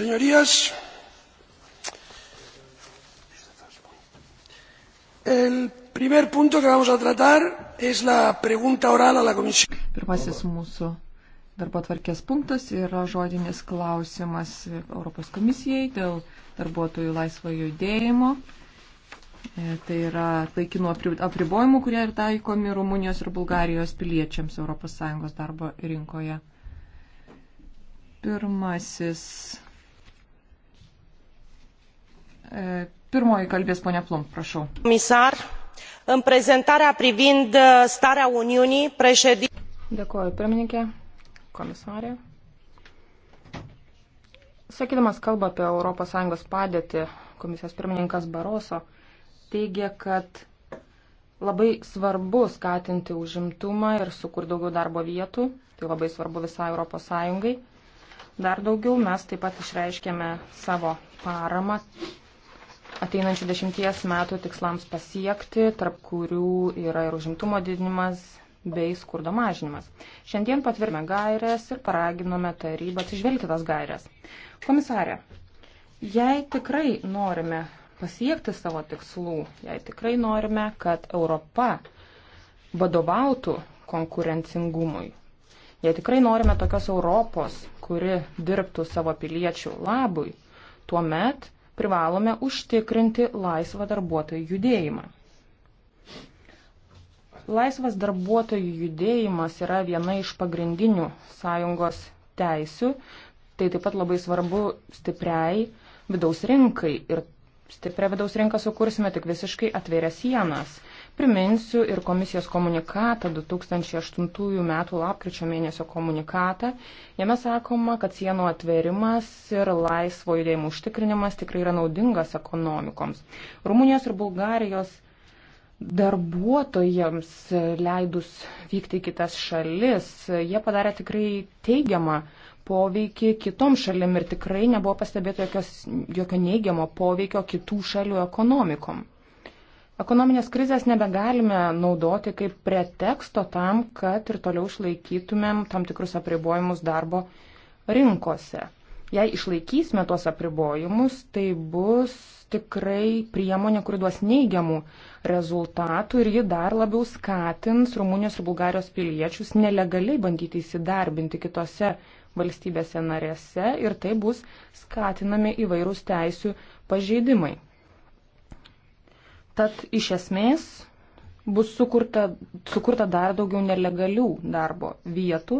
Señorías, el primer punto que vamos a tratar es la pregunta oral a la Comisión. Pirmasis mūsų darbo tvarkės punktas yra žodinis klausimas Europos komisijai dėl darbuotojų laisvo judėjimo. E, tai yra laikinų apribojimų, kurie ir taikomi Rumunijos ir Bulgarijos piliečiams ES darbo rinkoje. Pirmasis E, pirmoji kalbės ponia Plum, prašau. Komisar, în prezentarea privind uh, starea Uniunii, președinte. Dėkuoju, pirmininkė, komisarė. Sakydamas kalbą apie ES padėtį, komisijos pirmininkas Baroso teigia, kad labai svarbu skatinti užimtumą ir sukurti daugiau darbo vietų. Tai labai svarbu visai ES. Dar daugiau mes taip pat išreiškėme savo paramą ateinančių dešimties metų tikslams pasiekti, tarp kurių yra ir užimtumo didinimas bei skurdo mažinimas. Šiandien patvirtime gairias ir paraginome tarybą atsižvelgti tas gairias. Komisarė, jei tikrai norime pasiekti savo tikslų, jei tikrai norime, kad Europa vadovautų konkurencingumui, jei tikrai norime tokios Europos, kuri dirbtų savo piliečių labui, tuomet privalome užtikrinti laisvą darbuotojų judėjimą. Laisvas darbuotojų judėjimas yra viena iš pagrindinių sąjungos teisių, tai taip pat labai svarbu stipriai vidaus rinkai ir stiprią vidaus rinką sukursime tik visiškai atvėrę sienas. Priminsiu ir komisijos komunikatą, 2008 m. lapkričio mėnesio komunikatą. Jame sakoma, kad sienų atverimas ir laisvo judėjimo užtikrinimas tikrai yra naudingas ekonomikoms. Rumunijos ir Bulgarijos darbuotojams leidus vykti į kitas šalis, jie padarė tikrai teigiamą poveikį kitom šalim ir tikrai nebuvo pastebėta jokios, jokio neigiamo poveikio kitų šalių ekonomikom. Ekonominės krizės nebegalime naudoti kaip preteksto tam, kad ir toliau išlaikytumėm tam tikrus apribojimus darbo rinkose. Jei išlaikysime tuos apribojimus, tai bus tikrai priemonė, kuri duos neigiamų rezultatų ir ji dar labiau skatins Rumunijos ir Bulgarijos piliečius nelegaliai bandyti įsidarbinti kitose valstybėse narėse ir tai bus skatinami įvairūs teisių pažeidimai. Tad iš esmės bus sukurta, sukurta dar daugiau nelegalių darbo vietų,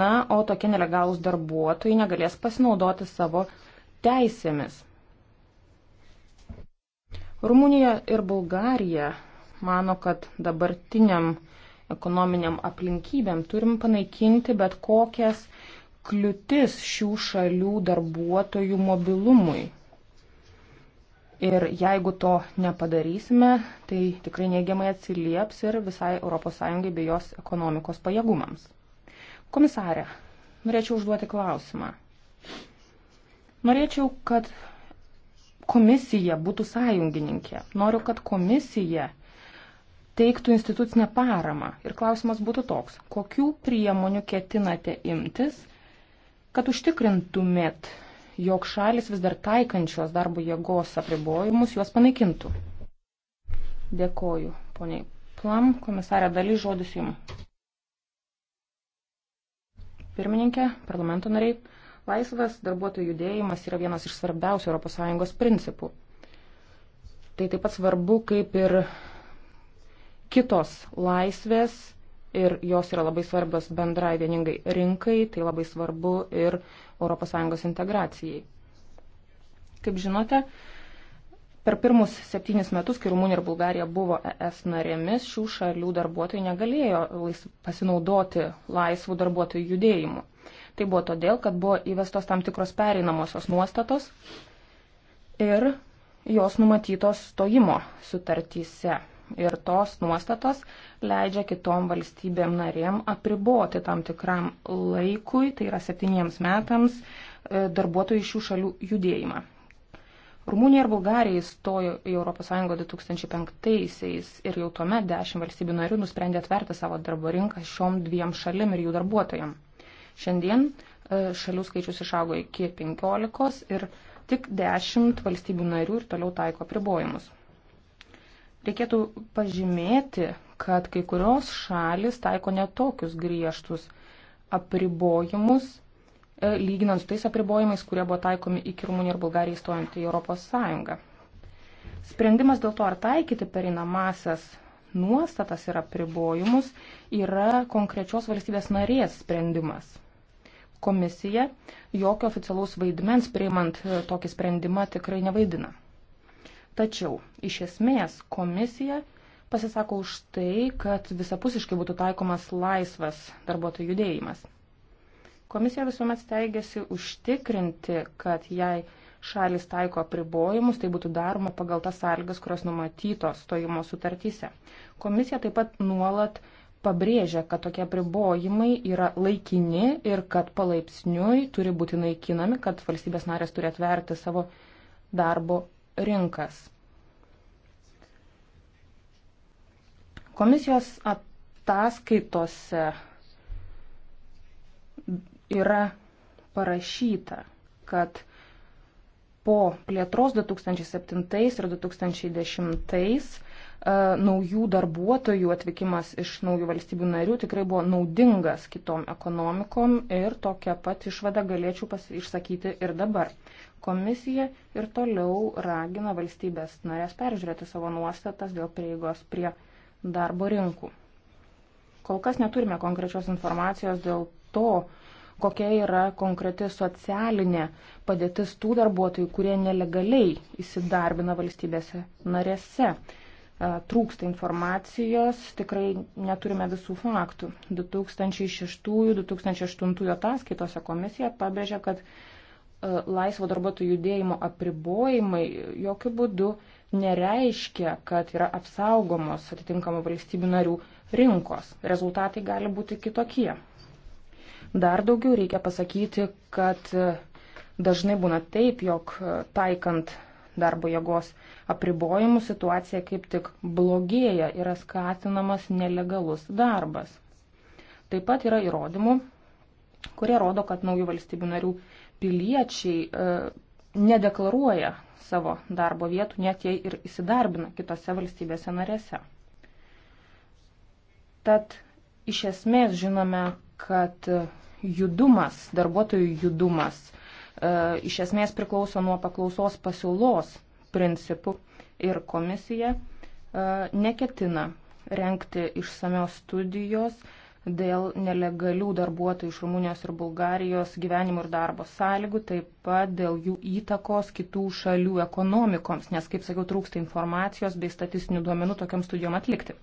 na, o tokie nelegalūs darbuotojai negalės pasinaudoti savo teisėmis. Rumunija ir Bulgarija mano, kad dabartiniam ekonominiam aplinkybėm turim panaikinti bet kokias kliūtis šių šalių darbuotojų mobilumui. Ir jeigu to nepadarysime, tai tikrai neigiamai atsilieps ir visai ES bei jos ekonomikos pajėgumams. Komisarė, norėčiau užduoti klausimą. Norėčiau, kad komisija būtų sąjungininkė. Noriu, kad komisija teiktų institucinę paramą. Ir klausimas būtų toks, kokių priemonių ketinate imtis, kad užtikrintumėt jog šalis vis dar taikančios darbo jėgos apribojimus juos panaikintų. Dėkoju, poniai Plam, komisarė daly, žodis jums. Pirmininkė, parlamento nariai, laisvas darbuotojų judėjimas yra vienas iš svarbiausių ES principų. Tai taip pat svarbu, kaip ir kitos laisvės ir jos yra labai svarbios bendrai vieningai rinkai, tai labai svarbu ir ES integracijai. Kaip žinote, per pirmus septynis metus, kai Rumunija ir Bulgarija buvo ES narėmis, šių šalių darbuotojai negalėjo pasinaudoti laisvų darbuotojų judėjimu. Tai buvo todėl, kad buvo įvestos tam tikros pereinamosios nuostatos ir jos numatytos stojimo sutartyse ir tos nuostatos leidžia kitom valstybėm narėm apriboti tam tikram laikui, tai yra septyniems metams, e, darbuotojų iš šių šalių judėjimą. Rumunija ir Bulgarija įstojo į ES 2005-aisiais ir jau tuomet dešimt valstybių narių nusprendė atverti savo darbo rinką šiom dviem šalim ir jų darbuotojam. Šiandien e, šalių skaičius išaugo iki 15 ir tik 10 valstybių narių ir toliau taiko pribojimus. Reikėtų pažymėti, kad kai kurios šalis taiko netokius griežtus apribojimus, e, lyginant su tais apribojimais, kurie buvo taikomi iki Rumunijos ir Bulgarijos įstojant į Europos Sąjungą. Sprendimas dėl to, ar taikyti pereinamasias nuostatas ir apribojimus, yra konkrečios valstybės narės sprendimas. Komisija jokio oficialaus vaidmens priimant e, tokį sprendimą tikrai nevaidina. Tačiau iš esmės komisija pasisako už tai, kad visapusiškai būtų taikomas laisvas darbuotojų judėjimas. Komisija visuomet stengiasi užtikrinti, kad jei šalis taiko apribojimus, tai būtų daroma pagal tas sąlygas, kurios numatytos stojimo sutartyse. Komisija taip pat nuolat pabrėžia, kad tokie apribojimai yra laikini ir kad palaipsniui turi būti naikinami, kad valstybės narės turi atverti savo darbo rinkas. Komisijos ataskaitose yra parašyta, kad po plėtros 2007 ir 2010 E, naujų darbuotojų atvykimas iš naujų valstybių narių tikrai buvo naudingas kitom ekonomikom ir tokią pat išvadą galėčiau išsakyti ir dabar. Komisija ir toliau ragina valstybės narės peržiūrėti savo nuostatas dėl prieigos prie darbo rinkų. Kol kas neturime konkrečios informacijos dėl to, kokia yra konkreti socialinė padėtis tų darbuotojų, kurie nelegaliai įsidarbina valstybėse narėse. E, trūksta informacijos, tikrai neturime visų faktų. 2006-2008 ataskaitose komisija pabrėžė, kad e, laisvo darbuotojų judėjimo apribojimai jokių būdų nereiškia, kad yra apsaugomos atitinkamų valstybių narių rinkos. Rezultatai gali būti kitokie. Dar daugiau reikia pasakyti, kad e, dažnai būna taip, jog taikant darbo jėgos apribojimų situacija kaip tik blogėja, yra skatinamas nelegalus darbas. Taip pat yra įrodymų, kurie rodo, kad naujų valstybių narių piliečiai e, nedeklaruoja savo darbo vietų, net jei ir įsidarbina kitose valstybėse narėse. Tad iš esmės žinome, kad judumas, darbuotojų judumas, E, iš esmės priklauso nuo paklausos pasiūlos principų ir komisija e, neketina renkti išsamios studijos dėl nelegalių darbuotojų iš Rumunijos ir Bulgarijos gyvenimo ir darbo sąlygų, taip pat dėl jų įtakos kitų šalių ekonomikoms, nes, kaip sakiau, trūksta informacijos bei statistinių duomenų tokiam studijom atlikti.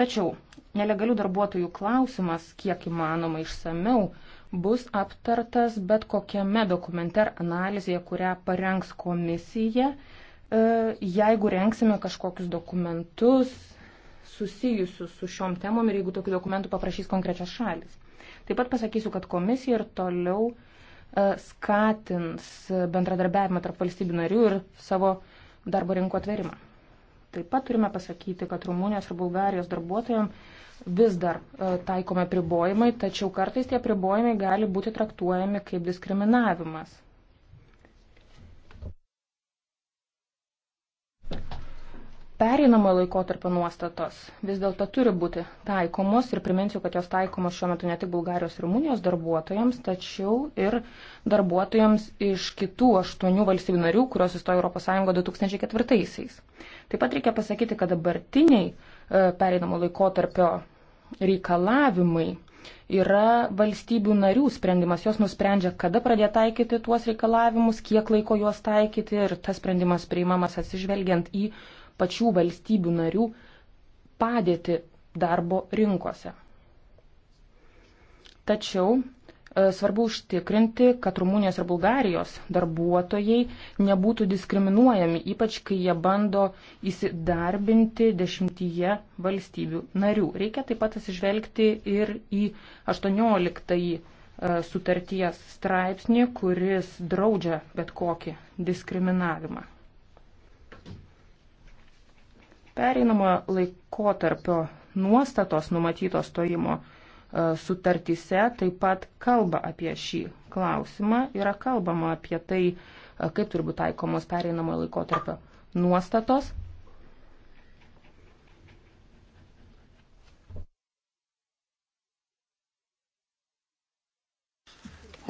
Tačiau nelegalių darbuotojų klausimas, kiek įmanoma išsameu, bus aptartas bet kokiame dokumente ar analizėje, kurią parengs komisija, e, jeigu renksime kažkokius dokumentus susijusius su šiom temom ir jeigu tokių dokumentų paprašys konkrečios šalis. Taip pat pasakysiu, kad komisija ir toliau e, skatins bendradarbiavimą tarp valstybių narių ir savo darbo rinkų atverimą. Taip pat turime pasakyti, kad Rumunijos ir Bulgarijos darbuotojams vis dar e, taikome pribojimai, tačiau kartais tie pribojimai gali būti traktuojami kaip diskriminavimas. Pereinamo laikotarpio nuostatos vis dėlto turi būti taikomos ir priminsiu, kad jos taikomos šiuo metu ne tik Bulgarijos ir Rumunijos darbuotojams, tačiau ir darbuotojams iš kitų aštuonių valstybių narių, kurios įstojo Europos Sąjungo 2004-aisiais. Taip pat reikia pasakyti, kad dabartiniai e, pereinamo laikotarpio reikalavimai yra valstybių narių sprendimas. Jos nusprendžia, kada pradėti taikyti tuos reikalavimus, kiek laiko juos taikyti ir tas sprendimas priimamas atsižvelgiant į pačių valstybių narių padėti darbo rinkose. Tačiau E, svarbu užtikrinti, kad Rumunijos ir Bulgarijos darbuotojai nebūtų diskriminuojami, ypač kai jie bando įsidarbinti dešimtyje valstybių narių. Reikia taip pat atsižvelgti ir į 18 e, sutarties straipsnį, kuris draudžia bet kokį diskriminavimą. Pereinamo laikotarpio nuostatos numatytos stojimo E, sutartyse taip pat kalba apie šį klausimą, yra kalbama apie tai, e, kaip turi būti taikomos pereinamojo laikotarpio nuostatos.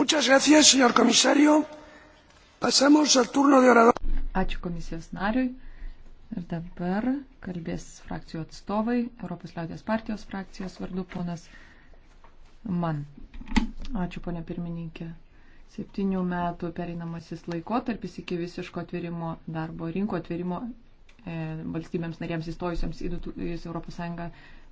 Muchas gracias, señor comisario. Pasamos al turno de orador. Ačiū komisijos nariui. Ir dabar kalbės frakcijų atstovai, Europos liaudės partijos frakcijos vardu ponas man. Ačiū, ponė pirmininkė. Septynių metų pereinamasis laikotarpis iki visiško atvirimo darbo rinko atvirimo e, valstybėms narėms įstojusiems į, į Europos Sąjungą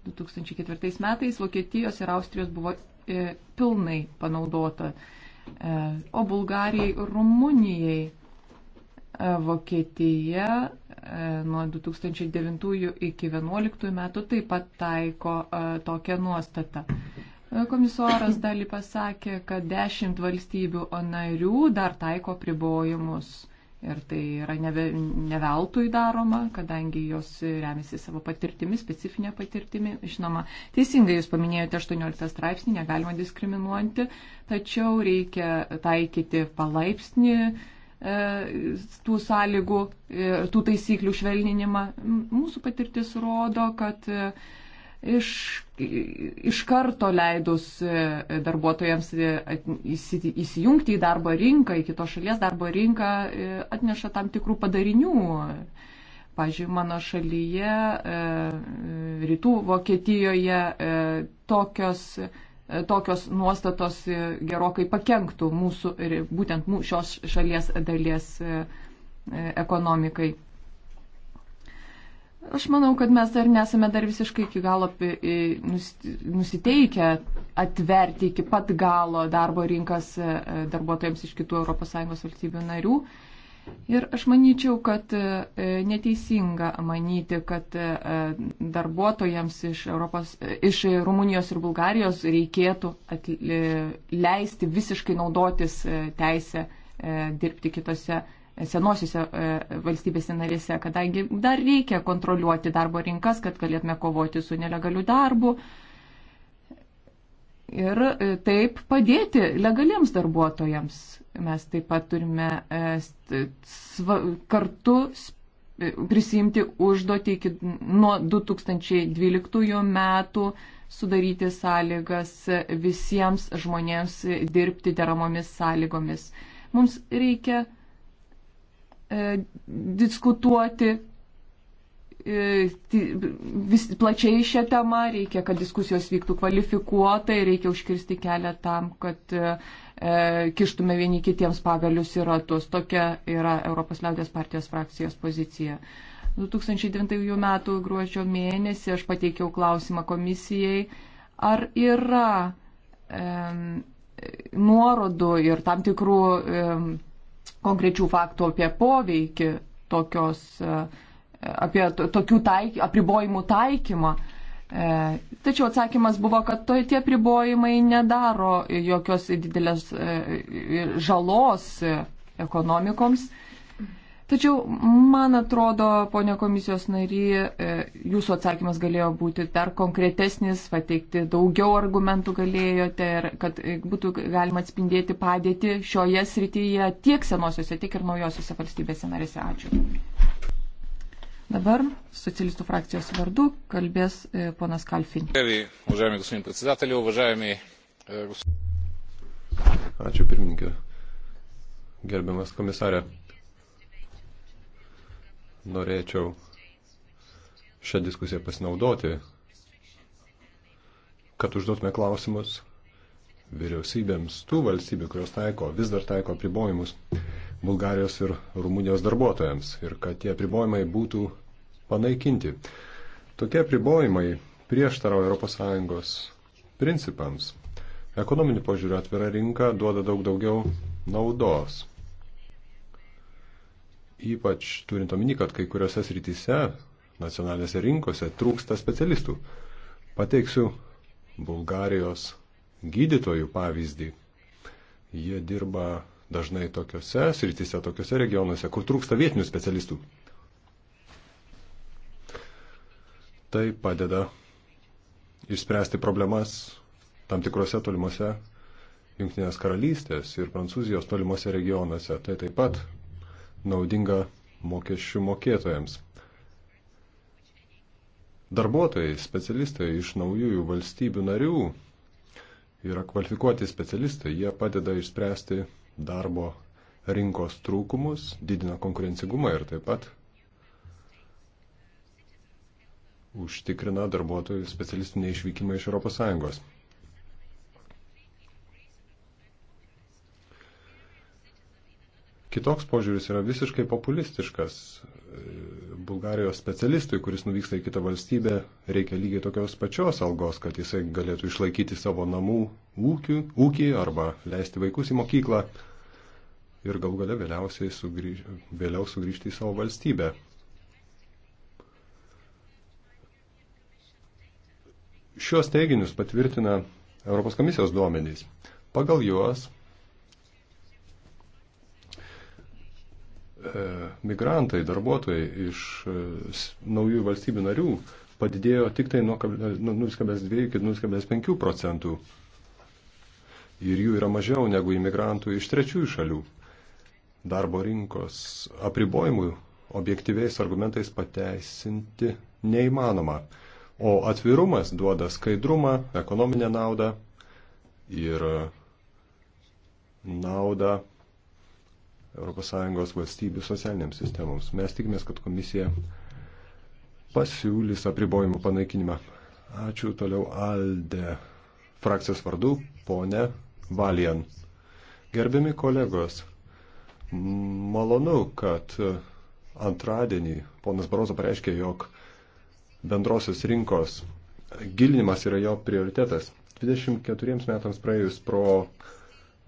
2004 metais Vokietijos ir Austrijos buvo e, pilnai panaudota, e, o Bulgarijai ir Rumunijai e, Vokietija e, nuo 2009 iki 2011 metų taip pat taiko e, tokią nuostatą. E, Komisaras dalį pasakė, kad dešimt valstybių narių dar taiko pribojimus. Ir tai yra neveltui ne daroma, kadangi jos remiasi savo patirtimi, specifinė patirtimi. Žinoma, teisingai jūs paminėjote 18 straipsnį, negalima diskriminuoti, tačiau reikia taikyti palaipsnį e, tų sąlygų, e, tų taisyklių švelninimą. Mūsų patirtis rodo, kad iš, iš karto leidus e, darbuotojams e, įsijungti į darbo rinką, į kitos šalies darbo rinką, e, atneša tam tikrų padarinių. Pavyzdžiui, mano šalyje, rytų Vokietijoje, tokios, tokios nuostatos gerokai pakenktų mūsų, būtent mūsų šios šalies dalies ekonomikai. Aš manau, kad mes dar nesame dar visiškai iki galo nusiteikę atverti iki pat galo darbo rinkas e, darbuotojams iš kitų ES valstybių narių. Ir aš manyčiau, kad e, neteisinga manyti, kad e, darbuotojams iš, Europos, iš Rumunijos ir Bulgarijos reikėtų atli, leisti visiškai naudotis teisę dirbti kitose senosiuose e, valstybėse narėse, kadangi dar reikia kontroliuoti darbo rinkas, kad galėtume kovoti su nelegaliu darbu. Ir e, taip padėti legaliems darbuotojams. Mes taip pat turime e, kartu prisimti užduotį iki nuo 2012 metų sudaryti sąlygas visiems žmonėms dirbti deramomis sąlygomis. Mums reikia E, diskutuoti e, vis plačiai šią temą, reikia, kad diskusijos vyktų kvalifikuotai, reikia užkirsti kelią tam, kad e, e kištume vieni kitiems pagalius į ratus. Tokia yra Europos liaudės partijos frakcijos pozicija. 2009 m. gruodžio mėnesį aš pateikiau klausimą komisijai, ar yra e, nuorodų ir tam tikrų e, konkrečių faktų apie poveikį tokios, e, apie tokių taik, apribojimų taikymą. E, tačiau atsakymas buvo, kad to, tie pribojimai nedaro jokios didelės e, žalos ekonomikoms Tačiau, man atrodo, ponia komisijos nary, e, jūsų atsakymas galėjo būti dar konkretesnis, pateikti daugiau argumentų galėjote ir kad e, būtų galima atspindėti padėti šioje srityje tiek senosiose, tiek ir naujosiose valstybėse narėse. Ačiū. Dabar socialistų frakcijos vardu kalbės e, ponas Kalfin. Ačiū pirmininkė. Gerbiamas komisarė norėčiau šią diskusiją pasinaudoti, kad užduotume klausimus vyriausybėms tų valstybių, kurios taiko, vis dar taiko apribojimus Bulgarijos ir Rumunijos darbuotojams ir kad tie apribojimai būtų panaikinti. Tokie apribojimai prieštarauja ES principams. Ekonominių požiūrių atvira rinka duoda daug daugiau naudos. Ypač turint omeny, kad kai kuriuose srityse, nacionalinėse rinkose trūksta specialistų. Pateiksiu Bulgarijos gydytojų pavyzdį. Jie dirba dažnai tokiuose srityse, tokiuose regionuose, kur trūksta vietinių specialistų. Tai padeda išspręsti problemas tam tikrose tolimuose Junktinės karalystės ir Prancūzijos tolimuose regionuose. Tai taip pat naudinga mokesčių mokėtojams. Darbuotojai, specialistai iš naujųjų valstybių narių yra kvalifikuoti specialistai, jie padeda išspręsti darbo rinkos trūkumus, didina konkurencingumą ir taip pat užtikrina darbuotojų specialistinį išvykimą iš ES. Kitoks požiūris yra visiškai populistiškas. Bulgarijos specialistui, kuris nuvyksta į kitą valstybę, reikia lygiai tokios pačios algos, kad jisai galėtų išlaikyti savo namų ūkių, ūkį arba leisti vaikus į mokyklą ir galų gale vėliausiai sugrįž, vėliau sugrįžti į savo valstybę. Šios teiginius patvirtina Europos komisijos duomenys. Pagal juos E, migrantai, darbuotojai iš e, naujų valstybių narių padidėjo tik tai nuo 0,2 e, iki 0,5 procentų. Ir jų yra mažiau negu imigrantų iš trečiųjų šalių. Darbo rinkos apribojimų objektyviais argumentais pateisinti neįmanoma. O atvirumas duoda skaidrumą, ekonominę naudą ir naudą ES valstybių socialiniams sistemoms. Mes tikimės, kad komisija pasiūlys apribojimų panaikinimą. Ačiū toliau Alde frakcijos vardu, ponė Valian. Gerbiami kolegos, malonu, kad antradienį ponas Barozo pareiškė, jog bendrosios rinkos gilinimas yra jo prioritetas. 24 metams praėjus pro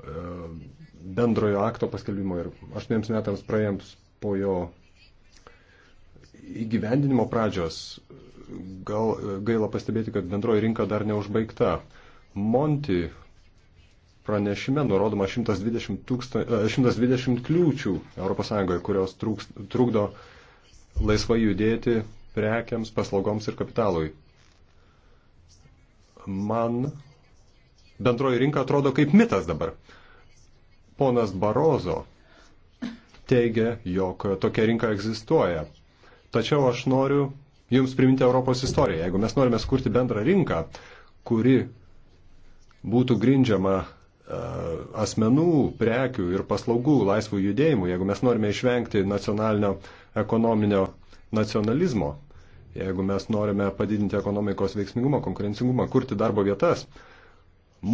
E, bendrojo akto paskelbimo ir aštuoniems metams praėjams po jo įgyvendinimo pradžios gal gaila pastebėti, kad bendroji rinka dar neužbaigta. Monti pranešime nurodoma 120, tūksta, 120 e, kliūčių ES, kurios trūks, trukdo laisvai judėti prekiams, paslaugoms ir kapitalui. Man bendroji rinka atrodo kaip mitas dabar. Ponas Barozo teigia, jog tokia rinka egzistuoja. Tačiau aš noriu Jums priminti Europos istoriją. Jeigu mes norime skurti bendrą rinką, kuri būtų grindžiama e, asmenų, prekių ir paslaugų laisvų judėjimų, jeigu mes norime išvengti nacionalinio ekonominio nacionalizmo, jeigu mes norime padidinti ekonomikos veiksmingumą, konkurencingumą, kurti darbo vietas,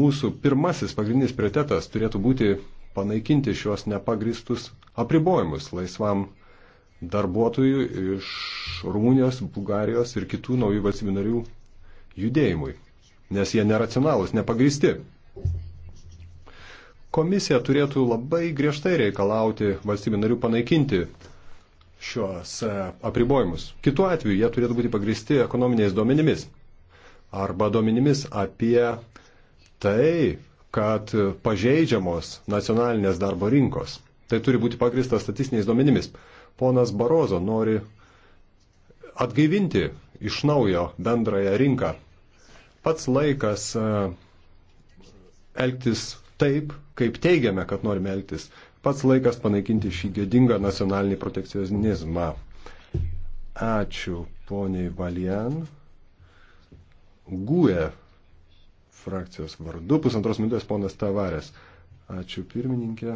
mūsų pirmasis pagrindinis prioritetas turėtų būti panaikinti šios nepagristus apribojimus laisvam darbuotojų iš Rumunijos, Bulgarijos ir kitų naujų valstybių narių judėjimui, nes jie neracionalūs, nepagristi. Komisija turėtų labai griežtai reikalauti valstybių narių panaikinti šios e, apribojimus. Kitu atveju jie turėtų būti pagristi ekonominiais duomenimis arba duomenimis apie tai, kad pažeidžiamos nacionalinės darbo rinkos. Tai turi būti pagrista statistiniais duomenimis. Ponas Barozo nori atgaivinti iš naujo bendrąją rinką. Pats laikas e, elgtis taip, kaip teigiame, kad norime elgtis. Pats laikas panaikinti šį gėdingą nacionalinį protekcionizmą. Ačiū poniai Valian. Gūė frakcijos vardu. Pusantros minutės ponas Tavarės. Ačiū pirmininkė.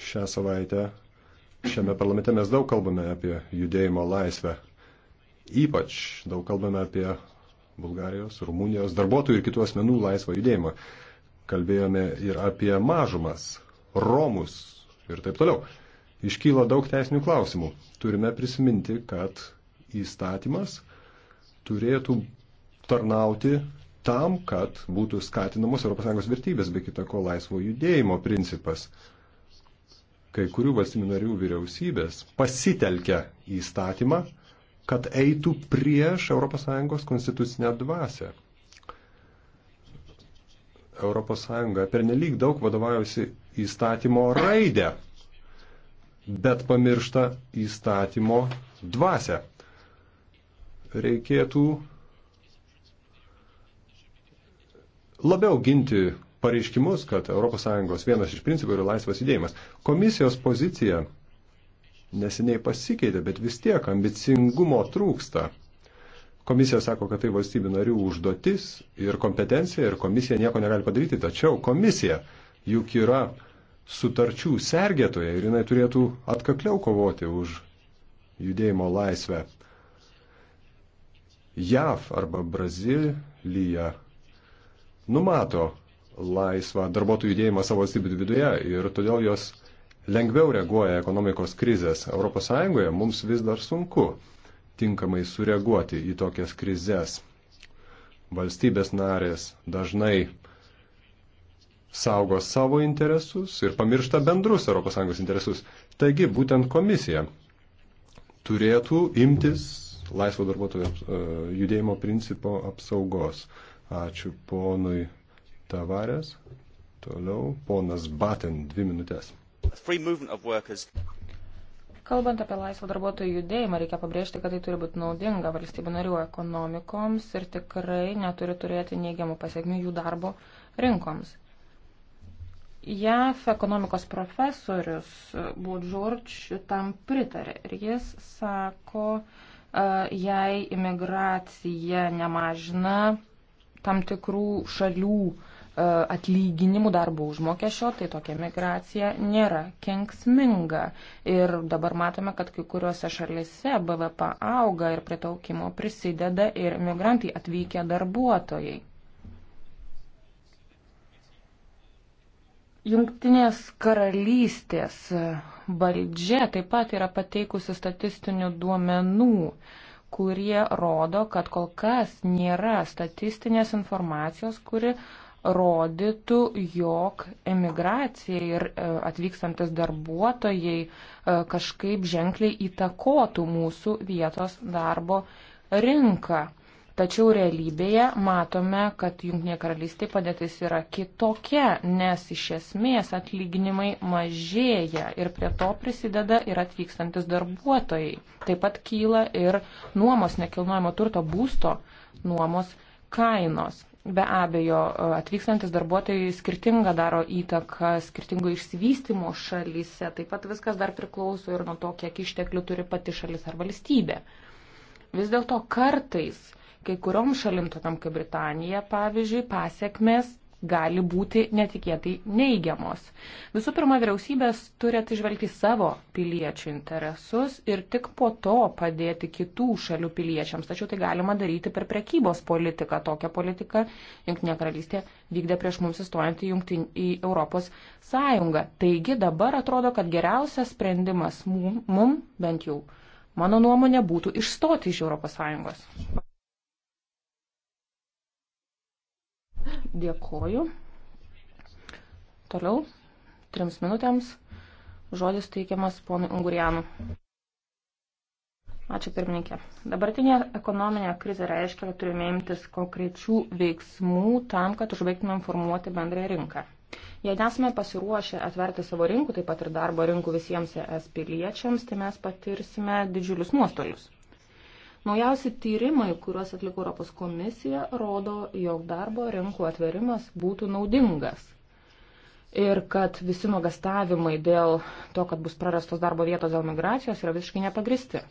Šią savaitę šiame parlamente mes daug kalbame apie judėjimo laisvę. Ypač daug kalbame apie Bulgarijos, Rumunijos darbuotojų ir kitų asmenų laisvą judėjimą. Kalbėjome ir apie mažumas, romus ir taip toliau. Iškyla daug teisinių klausimų. Turime prisiminti, kad įstatymas turėtų tarnauti tam, kad būtų skatinamos ES vertybės, be kita ko laisvo judėjimo principas. Kai kurių valstybių narių vyriausybės pasitelkia įstatymą, kad eitų prieš ES konstitucinę dvasę. ES pernelyg daug vadovaujasi įstatymo raidę, bet pamiršta įstatymo dvasę. Reikėtų labiau ginti pareiškimus, kad ES vienas iš principų yra laisvas judėjimas. Komisijos pozicija neseniai pasikeitė, bet vis tiek ambicingumo trūksta. Komisija sako, kad tai valstybių narių užduotis ir kompetencija ir komisija nieko negali padaryti, tačiau komisija juk yra sutarčių sergėtoja ir jinai turėtų atkakliau kovoti už judėjimo laisvę. JAV arba Brazilija numato laisvą darbuotojų judėjimą savo valstybių viduje ir todėl jos lengviau reaguoja ekonomikos krizės. ES mums vis dar sunku tinkamai sureaguoti į tokias krizės. Valstybės narės dažnai saugo savo interesus ir pamiršta bendrus ES interesus. Taigi būtent komisija turėtų imtis laisvo darbuotojų e, judėjimo principo apsaugos. Ačiū ponui Tavarės. Toliau ponas Baten, dvi minutės. Kalbant apie laisvą darbuotojų judėjimą, reikia pabrėžti, kad tai turi būti naudinga valstybių narių ekonomikoms ir tikrai neturi turėti neigiamų pasiekmių jų darbo rinkoms. JAF ekonomikos profesorius Budžurč tam pritarė ir jis sako, jei imigracija nemažina tam tikrų šalių e, atlyginimų darbo užmokesčio, tai tokia migracija nėra kenksminga. Ir dabar matome, kad kai kuriuose šalise BVP auga ir prie taukimo prisideda ir migrantai atvykę darbuotojai. Jungtinės karalystės valdžia taip pat yra pateikusi statistinių duomenų. Uh, kurie rodo, kad kol kas nėra statistinės informacijos, kuri rodytų, jog emigracija ir e, atvykstantis darbuotojai e, kažkaip ženkliai įtakotų mūsų vietos darbo rinką. Tačiau realybėje matome, kad Junktinė karalystė padėtis yra kitokia, nes iš esmės atlyginimai mažėja ir prie to prisideda ir atvykstantis darbuotojai. Taip pat kyla ir nuomos nekilnojamo turto būsto nuomos kainos. Be abejo, atvykstantis darbuotojai skirtingą daro įtaką skirtingo išsivystimo šalyse. Taip pat viskas dar priklauso ir nuo to, kiek išteklių turi pati šalis ar valstybė. Vis dėlto kartais Kai kuriom šalim, tokiam kaip Britanija, pavyzdžiui, pasiekmes gali būti netikėtai neigiamos. Visų pirma, vyriausybės turi atsižvelgti savo piliečių interesus ir tik po to padėti kitų šalių piliečiams. Tačiau tai galima daryti per prekybos politiką. Tokią politiką Junktinė karalystė vykdė prieš mums įstojant į, jungtin, į Europos Sąjungą. Taigi dabar atrodo, kad geriausias sprendimas mum, mum bent jau mano nuomonė, būtų išstoti iš Europos Sąjungos. Dėkoju. Toliau, trims minutėms, žodis teikiamas ponui Ungurianu. Ačiū pirmininkė. Dabartinė ekonominė krizė reiškia, kad turime imtis konkrečių veiksmų tam, kad užbaigtumėm formuoti bendrąją rinką. Jei nesame pasiruošę atverti savo rinkų, taip pat ir darbo rinkų visiems es piliečiams, tai mes patirsime didžiulius nuostolius. Naujausi tyrimai, kuriuos atliko Europos komisija, rodo, jog darbo rinkų atverimas būtų naudingas. Ir kad visi nuogastavimai dėl to, kad bus prarastos darbo vietos dėl migracijos, yra visiškai nepagristi.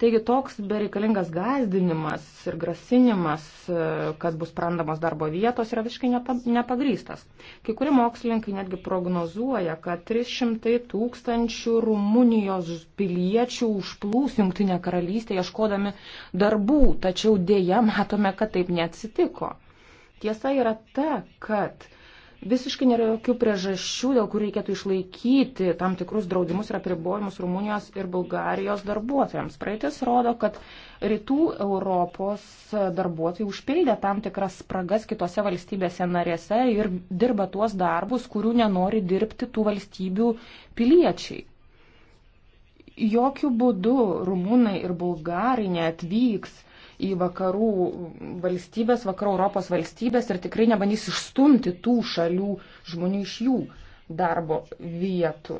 Taigi toks bereikalingas gazdinimas ir grasinimas, e, kad bus prarandamos darbo vietos, yra visiškai nepagrystas. Kai kurie mokslininkai netgi prognozuoja, kad 300 tūkstančių Rumunijos piliečių užplūs Junktinė karalystė ieškodami darbų, tačiau dėja matome, kad taip neatsitiko. Tiesa yra ta, kad Visiškai nėra jokių priežasčių, dėl kurių reikėtų išlaikyti tam tikrus draudimus ir apribojimus Rumunijos ir Bulgarijos darbuotojams. Praeitis rodo, kad rytų Europos darbuotojai užpildė tam tikras spragas kitose valstybėse narėse ir dirba tuos darbus, kurių nenori dirbti tų valstybių piliečiai. Jokių būdų rumūnai ir bulgarai neatvyks į vakarų valstybės, vakarų Europos valstybės ir tikrai nebandys išstumti tų šalių žmonių iš jų darbo vietų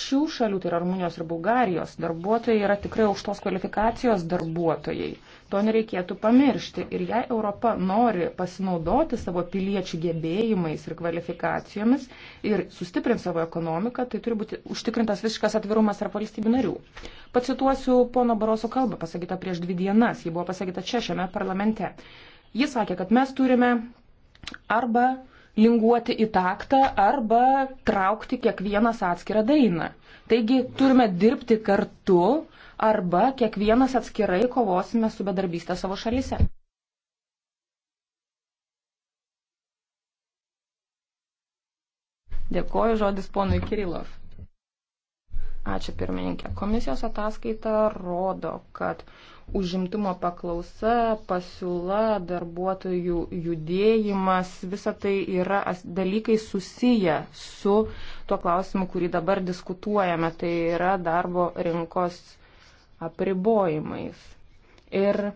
šių šalių, tai yra Rumunijos ir Bulgarijos, darbuotojai yra tikrai aukštos kvalifikacijos darbuotojai. To nereikėtų pamiršti. Ir jei Europa nori pasinaudoti savo piliečių gebėjimais ir kvalifikacijomis ir sustiprinti savo ekonomiką, tai turi būti užtikrintas visiškas atvirumas tarp valstybių narių. Pacituosiu pono Baroso kalbą pasakytą prieš dvi dienas. Ji buvo pasakyta čia šiame parlamente. Jis sakė, kad mes turime arba linguoti į taktą arba traukti kiekvienas atskirą dainą. Taigi turime dirbti kartu arba kiekvienas atskirai kovosime su bedarbystė savo šalise. Dėkoju žodis ponui Kirilov. Ačiū pirmininkė. Komisijos ataskaita rodo, kad užimtumo paklausa, pasiūla, darbuotojų judėjimas, visa tai yra dalykai susiję su tuo klausimu, kurį dabar diskutuojame, tai yra darbo rinkos apribojimais. Ir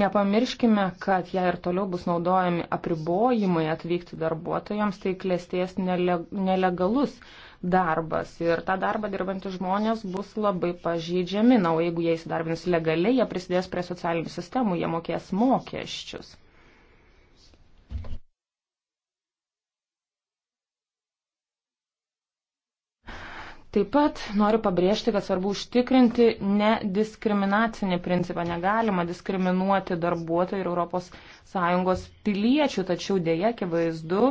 Nepamirškime, kad jei ir toliau bus naudojami apribojimai atvykti darbuotojams, tai klėsties nelegalus darbas. Ir tą darbą dirbantys žmonės bus labai pažydžiami. Na, o jeigu jie įsidarbins legaliai, jie prisidės prie socialinių sistemų, jie mokės mokesčius. Taip pat noriu pabrėžti, kad svarbu užtikrinti nediskriminacinį principą. Negalima diskriminuoti darbuotojų ir ES piliečių, tačiau dėja akivaizdu,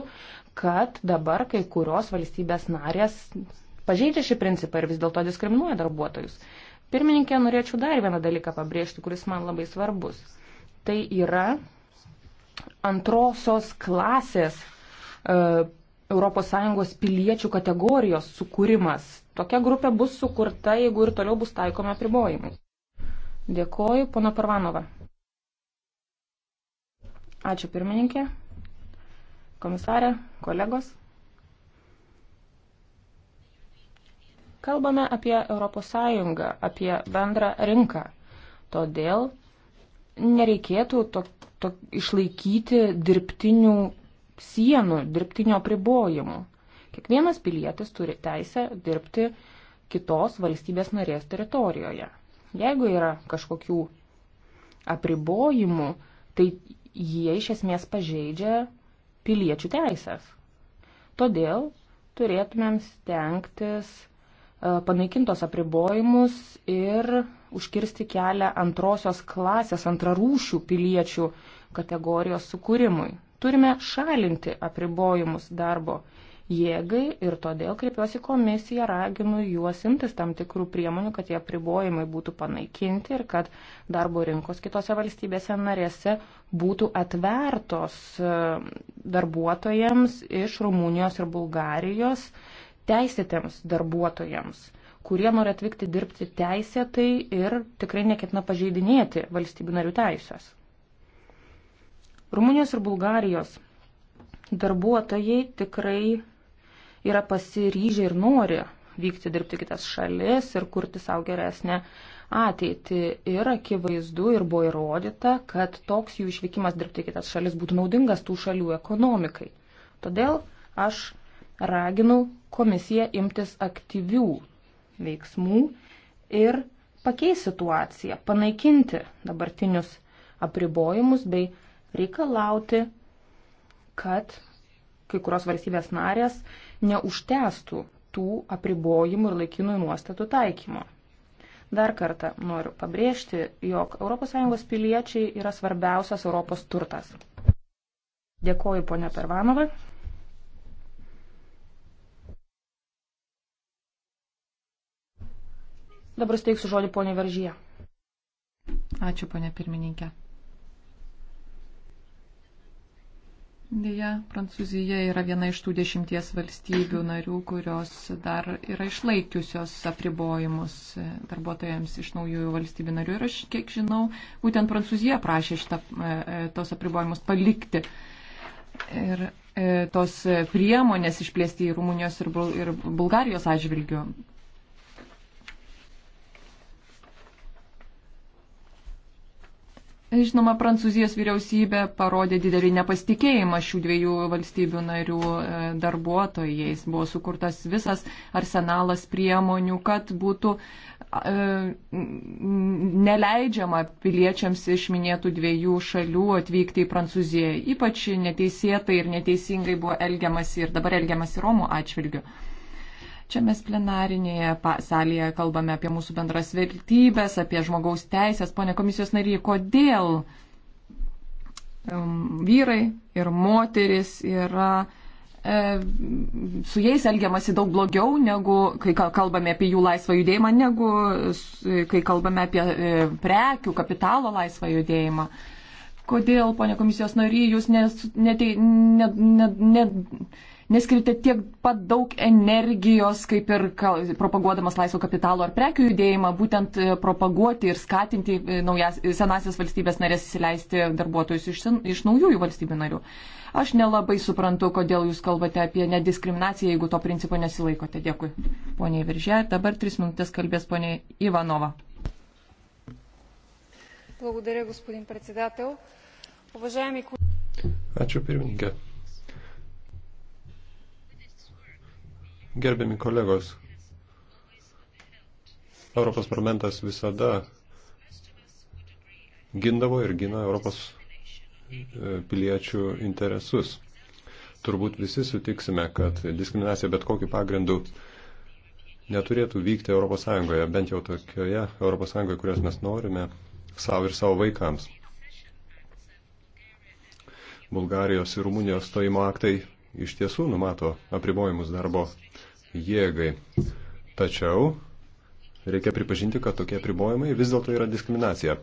kad dabar kai kurios valstybės narės pažeidžia šį principą ir vis dėlto diskriminuoja darbuotojus. Pirmininkė, norėčiau dar vieną dalyką pabrėžti, kuris man labai svarbus. Tai yra antrosios klasės e, ES piliečių kategorijos sukūrimas. Tokia grupė bus sukurta, jeigu ir toliau bus taikomi apribojimai. Dėkoju, pono Parvanova. Ačiū pirmininkė, komisarė, kolegos. Kalbame apie ES, apie bendrą rinką. Todėl nereikėtų to, to, išlaikyti dirbtinių sienų, dirbtinio pribojimų. Kiekvienas pilietis turi teisę dirbti kitos valstybės narės teritorijoje. Jeigu yra kažkokių apribojimų, tai jie iš esmės pažeidžia piliečių teisės. Todėl turėtumėm stengtis e, panaikintos apribojimus ir užkirsti kelią antrosios klasės, antrarūšių piliečių kategorijos sukūrimui. Turime šalinti apribojimus darbo jėgai ir todėl kreipiuosi komisiją, raginu juos imtis tam tikrų priemonių, kad tie apribojimai būtų panaikinti ir kad darbo rinkos kitose valstybėse narėse būtų atvertos e, darbuotojams iš Rumunijos ir Bulgarijos teisėtėms darbuotojams kurie nori atvykti dirbti teisėtai ir tikrai neketina pažeidinėti valstybių narių teisės. Rumunijos ir Bulgarijos darbuotojai tikrai yra pasiryžę ir nori vykti dirbti kitas šalis ir kurti savo geresnę ateitį. Ir akivaizdu ir buvo įrodyta, kad toks jų išvykimas dirbti kitas šalis būtų naudingas tų šalių ekonomikai. Todėl aš raginau komisiją imtis aktyvių veiksmų ir pakeisti situaciją, panaikinti dabartinius apribojimus bei reikalauti, kad kai kurios valstybės narės neužtestų tų apribojimų ir laikinų nuostatų taikymo. Dar kartą noriu pabrėžti, jog ES piliečiai yra svarbiausias Europos turtas. Dėkoju, ponia Pervanova. Dabar steiksiu žodį ponia Veržyje. Ačiū, ponia pirmininkė. Deja, Prancūzija yra viena iš tų dešimties valstybių narių, kurios dar yra išlaikiusios apribojimus darbuotojams iš naujųjų valstybių narių. Ir aš, kiek žinau, būtent Prancūzija prašė šitą, e, e, tos apribojimus palikti. Ir e, tos priemonės išplėsti į Rumunijos ir Bulgarijos atžvilgių Žinoma, Prancūzijos vyriausybė parodė didelį nepasitikėjimą šių dviejų valstybių narių e, darbuotojais. Buvo sukurtas visas arsenalas priemonių, kad būtų e, neleidžiama piliečiams iš minėtų dviejų šalių atvykti į Prancūziją. Ypač neteisėtai ir neteisingai buvo elgiamasi ir dabar elgiamasi Romų atšvilgiu. E, Čia mes plenarinėje salėje kalbame apie mūsų bendras vertybės, apie žmogaus teisės. Pone komisijos nariai, kodėl vyrai ir moteris yra e, su jais elgiamasi daug blogiau, negu kai kalbame apie jų laisvą judėjimą, negu kai kalbame apie e, prekių, kapitalo laisvą judėjimą. Kodėl, ponė komisijos nariai, jūs nes, ne, ne, ne, ne, neskirite tiek pat daug energijos, kaip ir propaguodamas laisvo kapitalo ar prekių judėjimą, būtent e, propaguoti ir skatinti e, naujas, senasias valstybės narės įsileisti darbuotojus iš, sen, iš naujųjų valstybių narių. Aš nelabai suprantu, kodėl jūs kalbate apie nediskriminaciją, jeigu to principo nesilaikote. Dėkui, poniai Viržė. Dabar tris minutės kalbės poniai Ivanova. Благодаря, господин председател. Уважаеми колеги. Ačiū pirmininkė. Gerbiami kolegos, Europos parlamentas visada gindavo ir gina Europos e, piliečių interesus. Turbūt visi sutiksime, kad diskriminacija bet kokiu pagrindu neturėtų vykti Europos Sąjungoje, bent jau tokioje Europos Sąjungoje, kurios mes norime savo ir savo vaikams. Bulgarijos ir Rumunijos stojimo aktai iš tiesų numato apribojimus darbo jėgai. Tačiau reikia pripažinti, kad tokie apribojimai vis dėlto yra diskriminacija.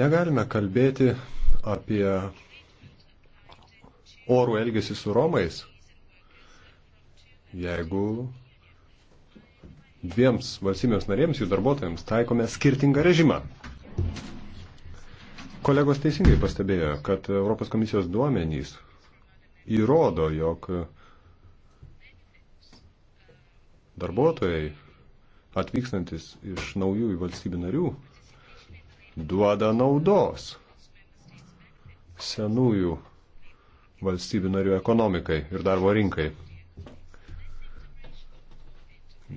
Negalime kalbėti apie orų elgesį su Romais, jeigu dviems valstybės narėms jų darbuotojams taikome skirtingą režimą. Kolegos teisingai pastebėjo, kad Europos komisijos duomenys įrodo, jog darbuotojai atvykstantis iš naujųjų valstybių narių duoda naudos senųjų valstybių narių ekonomikai ir darbo rinkai.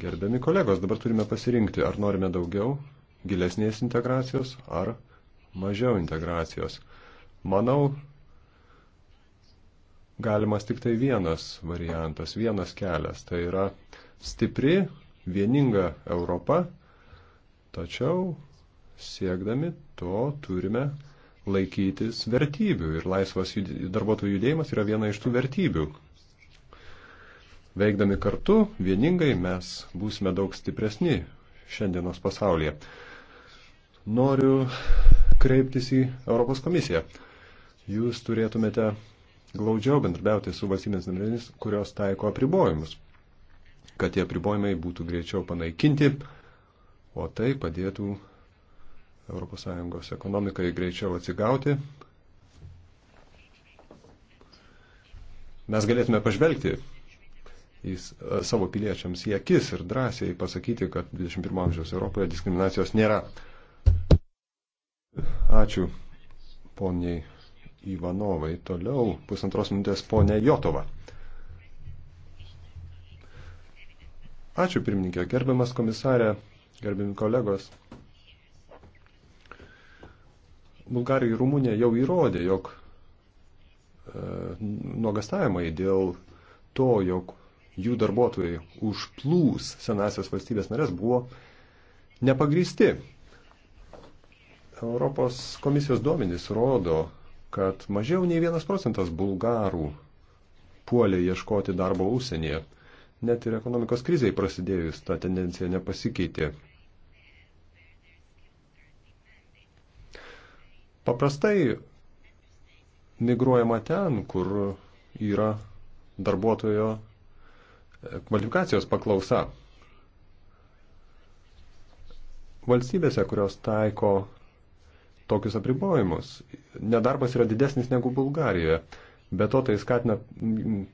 Gerbiami kolegos, dabar turime pasirinkti, ar norime daugiau gilesnės integracijos, ar mažiau integracijos. Manau, galimas tik tai vienas variantas, vienas kelias. Tai yra stipri, vieninga Europa, tačiau siekdami to turime laikytis vertybių ir laisvas darbuotojų judėjimas yra viena iš tų vertybių. Veikdami kartu, vieningai mes būsime daug stipresni šiandienos pasaulyje. Noriu kreiptis į Europos komisiją. Jūs turėtumėte glaudžiau bendrabiauti su valstybės narėmis, kurios taiko apribojimus, kad tie apribojimai būtų greičiau panaikinti, o tai padėtų ES ekonomikai greičiau atsigauti. Mes galėtume pažvelgti į e, savo piliečiams į akis ir drąsiai pasakyti, kad 21 amžiaus Europoje diskriminacijos nėra. Ačiū poniai Ivanovai. Toliau pusantros minutės ponė Jotova. Ačiū pirmininkė, gerbiamas komisarė, gerbiami kolegos. Bulgarija ir Rumunija jau įrodė, jog e, nuogastavimai dėl to, jog jų darbuotojai užplūs senasios valstybės narės buvo nepagristi. Europos komisijos duomenys rodo, kad mažiau nei vienas procentas bulgarų puolė ieškoti darbo užsienyje. Net ir ekonomikos kriziai prasidėjus ta tendencija nepasikeitė. Paprastai migruojama ten, kur yra darbuotojo kvalifikacijos paklausa. Valstybėse, kurios taiko tokius apribojimus. Nedarbas yra didesnis negu Bulgarijoje. Be to tai skatina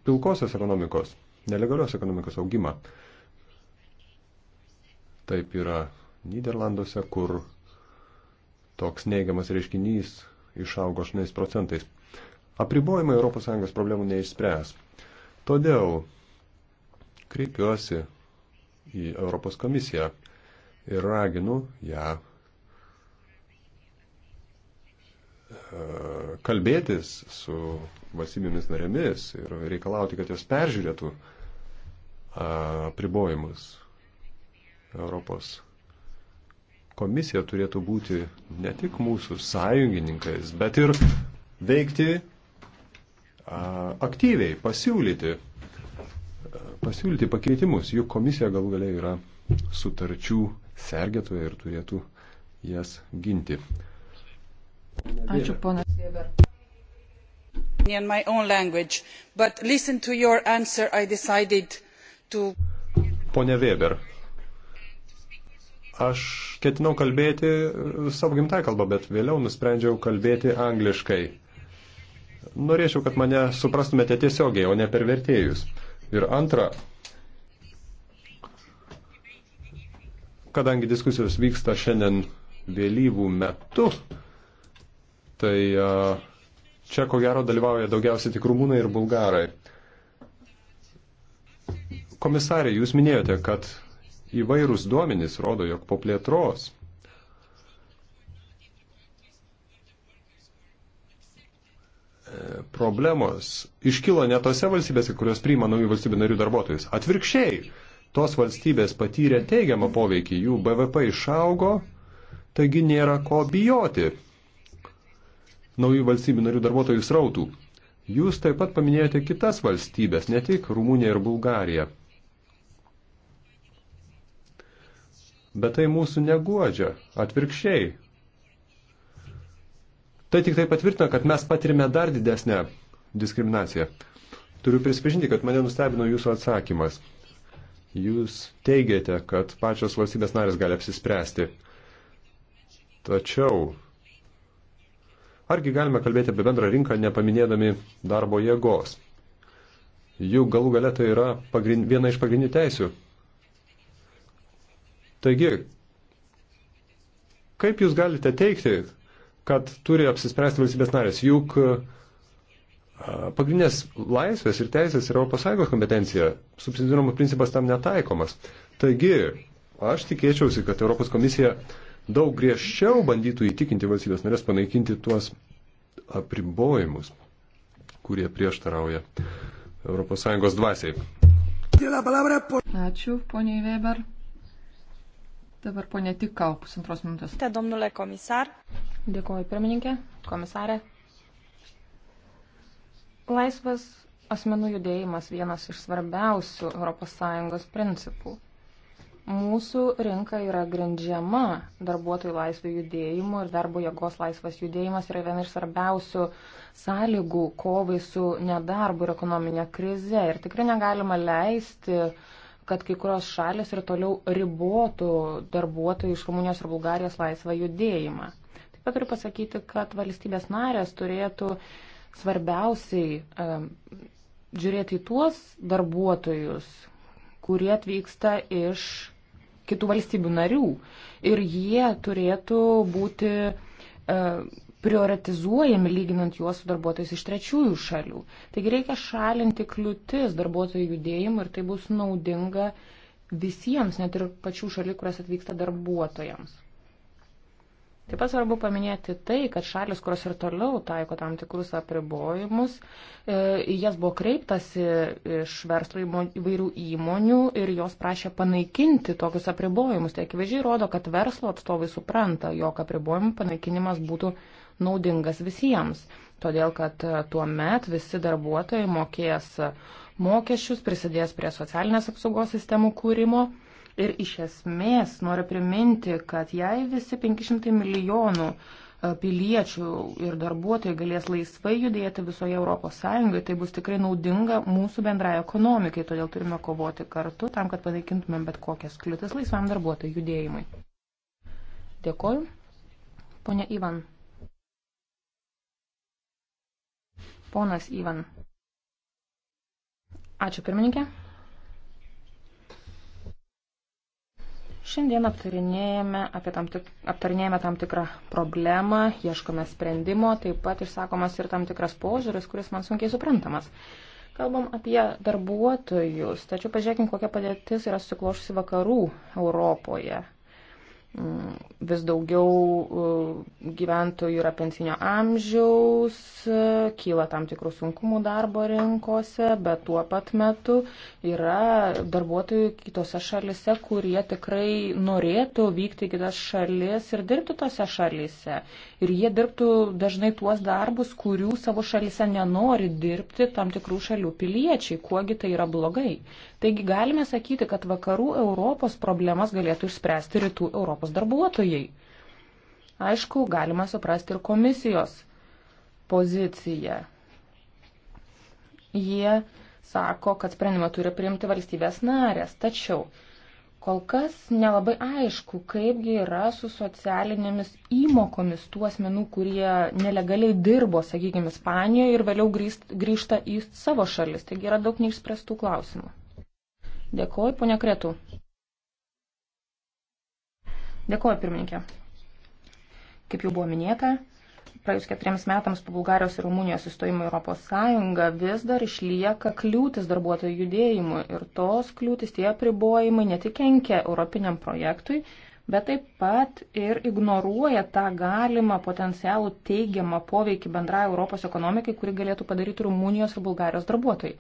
pilkosios ekonomikos, nelegalios ekonomikos augimą. Taip yra Niderlanduose, kur toks neigiamas reiškinys išaugo 8 procentais. Apribojimai ES problemų neišspręs. Todėl kreipiuosi į Europos komisiją ir raginu ją kalbėtis su valstybėmis narėmis ir reikalauti, kad jos peržiūrėtų pribojimus. Europos komisija turėtų būti ne tik mūsų sąjungininkais, bet ir veikti aktyviai, pasiūlyti, pasiūlyti pakeitimus. Juk komisija gal galiai yra sutarčių sergėtoja ir turėtų jas ginti. Ačiū, ponas Jėber. In my own language, but listen to your answer, I decided to. Pone Weber, aš ketinau kalbėti e, savo gimtąją kalbą, bet vėliau nusprendžiau kalbėti angliškai. Norėčiau, kad mane suprastumėte tiesiogiai, o ne per vertėjus. Ir antra, kadangi diskusijos vyksta šiandien vėlyvų metų, Tai čia ko gero dalyvauja daugiausiai tik rumūnai ir bulgarai. Komisarė, jūs minėjote, kad įvairūs duomenys rodo, jog po plėtros problemos iškilo ne tose valstybėse, kurios priima naujų valstybių narių darbuotojus. Atvirkščiai, tos valstybės patyrė teigiamą poveikį, jų BVP išaugo, taigi nėra ko bijoti naujų valstybių narių darbuotojų srautų. Jūs taip pat paminėjote kitas valstybės, ne tik Rumuniją ir Bulgariją. Bet tai mūsų neguodžia, atvirkščiai. Tai tik tai patvirtina, kad mes patirime dar didesnę diskriminaciją. Turiu prisipažinti, kad mane nustebino jūsų atsakymas. Jūs teigiate, kad pačios valstybės narės gali apsispręsti. Tačiau Argi galime kalbėti apie bendrą rinką, nepaminėdami darbo jėgos? Jų galų galia tai yra pagrind, viena iš pagrindinių teisių. Taigi, kaip jūs galite teikti, kad turi apsispręsti valstybės narės? Juk pagrindinės laisvės ir teisės yra ES kompetencija. Subsidiarumo principas tam netaikomas. Taigi, aš tikėčiausi, kad Europos komisija uh, daug griežčiau bandytų įtikinti valstybės narės panaikinti tuos apribojimus, kurie prieštarauja ES dvasiai. Ačiū, poniai Weber. Dabar ponė tik kau pusantros minutės. Te, domnule komisar. Dėkuoju, pirmininkė, komisarė. Laisvas asmenų judėjimas vienas iš svarbiausių ES principų. Mūsų rinka yra grindžiama darbuotojų laisvų judėjimų ir darbo jėgos laisvas judėjimas yra viena iš svarbiausių sąlygų kovai su nedarbu ir ekonominė krize. Ir tikrai negalima leisti, kad kai kurios šalis ir toliau ribotų darbuotojų iš Rumunijos ir Bulgarijos laisvą judėjimą. Taip pat turiu pasakyti, kad valstybės narės turėtų svarbiausiai um, žiūrėti į tuos darbuotojus, kurie atvyksta iš kitų valstybių narių ir jie turėtų būti e, prioritizuojami lyginant juos su darbuotojais iš trečiųjų šalių. Taigi reikia šalinti kliūtis darbuotojų judėjimui ir tai bus naudinga visiems, net ir pačių šalių, kurias atvyksta darbuotojams. Taip pat svarbu paminėti tai, kad šalis, kurios ir toliau taiko tam tikrus apribojimus, e, jas buvo kreiptasi iš verslo įvairių įmonių ir jos prašė panaikinti tokius apribojimus. Tai akivaizdžiai rodo, kad verslo atstovai supranta, jog apribojimų panaikinimas būtų naudingas visiems. Todėl, kad e, tuo met visi darbuotojai mokės mokesčius, prisidės prie socialinės apsaugos sistemų kūrimo Ir iš esmės noriu priminti, kad jei visi 500 milijonų e, piliečių ir darbuotojai galės laisvai judėti visoje Europos Sąjungoje, tai bus tikrai naudinga mūsų bendrai ekonomikai, todėl turime kovoti kartu tam, kad panaikintumėm bet kokias kliūtis laisvam darbuotojų judėjimui. Dėkoju. Pone Ivan. Ponas Ivan. Ačiū pirmininkė. Šiandien aptarinėjame, tam tik, aptarinėjame tam tikrą problemą, ieškome sprendimo, taip pat išsakomas ir tam tikras požiūris, kuris man sunkiai suprantamas. Kalbam apie darbuotojus, tačiau pažiūrėkime, kokia padėtis yra susiklošusi vakarų Europoje vis daugiau e, gyventojų yra pensinio amžiaus, e, kyla tam tikrų sunkumų darbo rinkose, bet tuo pat metu yra darbuotojų kitose šalise, kurie tikrai norėtų vykti į kitas šalis ir dirbti tose šalise. Ir jie dirbtų dažnai tuos darbus, kurių savo šalise nenori dirbti tam tikrų šalių piliečiai. Kuogi tai yra blogai? Taigi galime sakyti, kad vakarų Europos problemas galėtų išspręsti rytų Europos darbuotojai. Aišku, galima suprasti ir komisijos poziciją. Jie sako, kad sprendimą turi priimti valstybės narės, tačiau kol kas nelabai aišku, kaipgi yra su socialinėmis įmokomis tų asmenų, kurie nelegaliai dirbo, sakykime, Ispanijoje ir vėliau grįžta į savo šalis. Taigi yra daug neišspręstų klausimų. Dėkuoju, ponia Kretų. Dėkuoju, pirmininkė. Kaip jau buvo minėta, praėjus keturiems metams po Bulgarijos ir Rumunijos įstojimo Europos Sąjunga vis dar išlieka kliūtis darbuotojų judėjimui ir tos kliūtis tie apribojimai ne tik kenkia europiniam projektui, bet taip pat ir ignoruoja tą galimą potencialų teigiamą poveikį bendrai Europos ekonomikai, kuri galėtų padaryti Rumunijos ir Bulgarijos darbuotojai.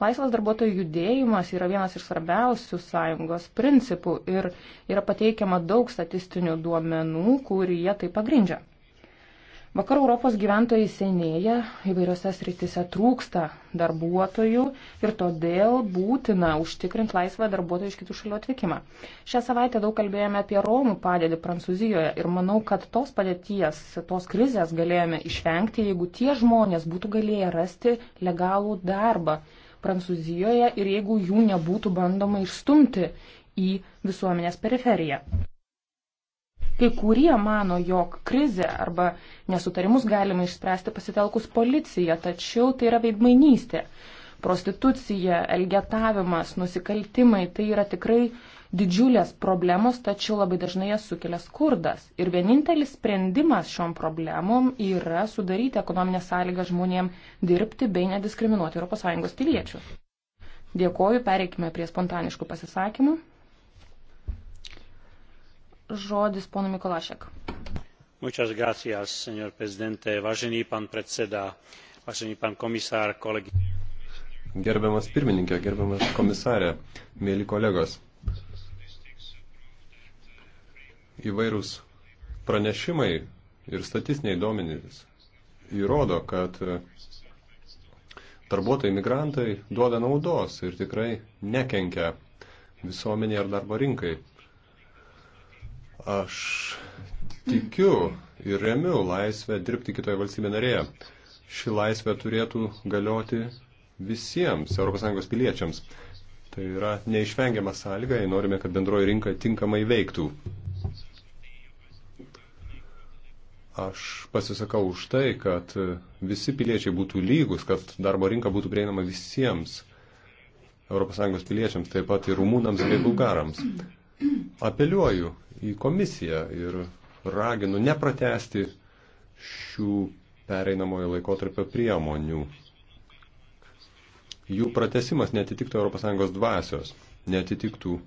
Laisvas darbuotojų judėjimas yra vienas iš svarbiausių sąjungos principų ir yra pateikiama daug statistinių duomenų, kurie tai pagrindžia. Vakarų Europos gyventojai senėja, įvairiose srityse trūksta darbuotojų ir todėl būtina užtikrinti laisvą darbuotojų iš kitų šalių atvykimą. Šią savaitę daug kalbėjome apie Romų padėtį Prancūzijoje ir manau, kad tos padėties, tos krizės galėjome išvengti, jeigu tie žmonės būtų galėję rasti legalų darbą Prancūzijoje ir jeigu jų nebūtų bandoma išstumti į visuomenės periferiją. Kai kurie mano, jog krizę arba nesutarimus galima išspręsti pasitelkus policiją, tačiau tai yra veidmainystė. Prostitucija, elgetavimas, nusikaltimai tai yra tikrai didžiulės problemos, tačiau labai dažnai jas sukelia skurdas. Ir vienintelis sprendimas šiom problemom yra sudaryti ekonominę sąlygą žmonėm dirbti bei nediskriminuoti ES piliečių. Dėkoju, pereikime prie spontaniškų pasisakymų. Žodis ponu Mikolašek. Muchas gracias, señor presidente. Vážený pán predseda, vážený pán komisár, kolegy. Gerbiamas pirmininkė, gerbiamas komisarė, mėly kolegos. įvairūs pranešimai ir statistiniai duomenys įrodo, kad e, darbuotojai migrantai duoda naudos ir tikrai nekenkia visuomenė ar darbo rinkai. Aš tikiu ir remiu laisvę dirbti kitoje valstybė narėje. Ši laisvė turėtų galioti visiems ES piliečiams. Tai yra neišvengiama sąlyga, jei norime, kad bendroji rinka tinkamai veiktų. Aš pasisakau už tai, kad visi piliečiai būtų lygus, kad darbo rinka būtų prieinama visiems ES piliečiams, taip pat ir rumūnams bei bulgarams. Apeliuoju į komisiją ir raginu nepratesti šių pereinamojo laikotarpio priemonių. Jų pratesimas netitiktų ES dvasios, netitiktų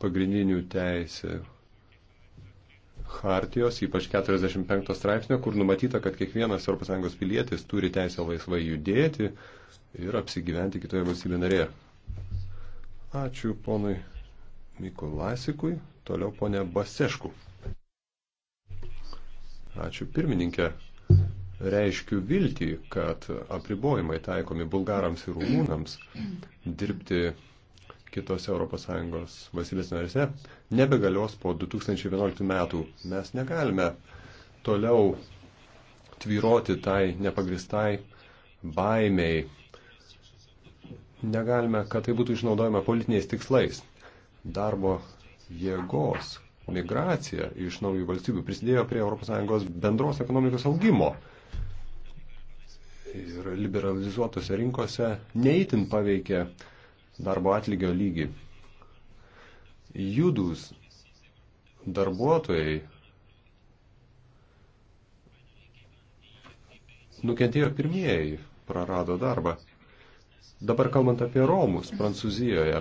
pagrindinių teisė hartijos, ypač 45 straipsnio, kur numatyta, kad kiekvienas ES pilietis turi teisę laisvai judėti ir apsigyventi kitoje valstybė narėje. Ačiū ponui Mikulasikui, toliau ponė Basešku. Ačiū pirmininkė. Reiškiu viltį, kad apribojimai taikomi bulgarams ir rumūnams dirbti kitose ES valstybės narėse nebegalios po 2011 metų. Mes negalime toliau tvyroti tai nepagristai baimiai. Negalime, kad tai būtų išnaudojama politiniais tikslais. Darbo jėgos migracija iš naujų valstybių prisidėjo prie ES bendros ekonomikos augimo. Ir liberalizuotose rinkose neįtin paveikė uh, darbo atlygio lygį. Judus darbuotojai nukentėjo pirmieji, prarado darbą. Dabar kalbant apie Romus Prancūzijoje,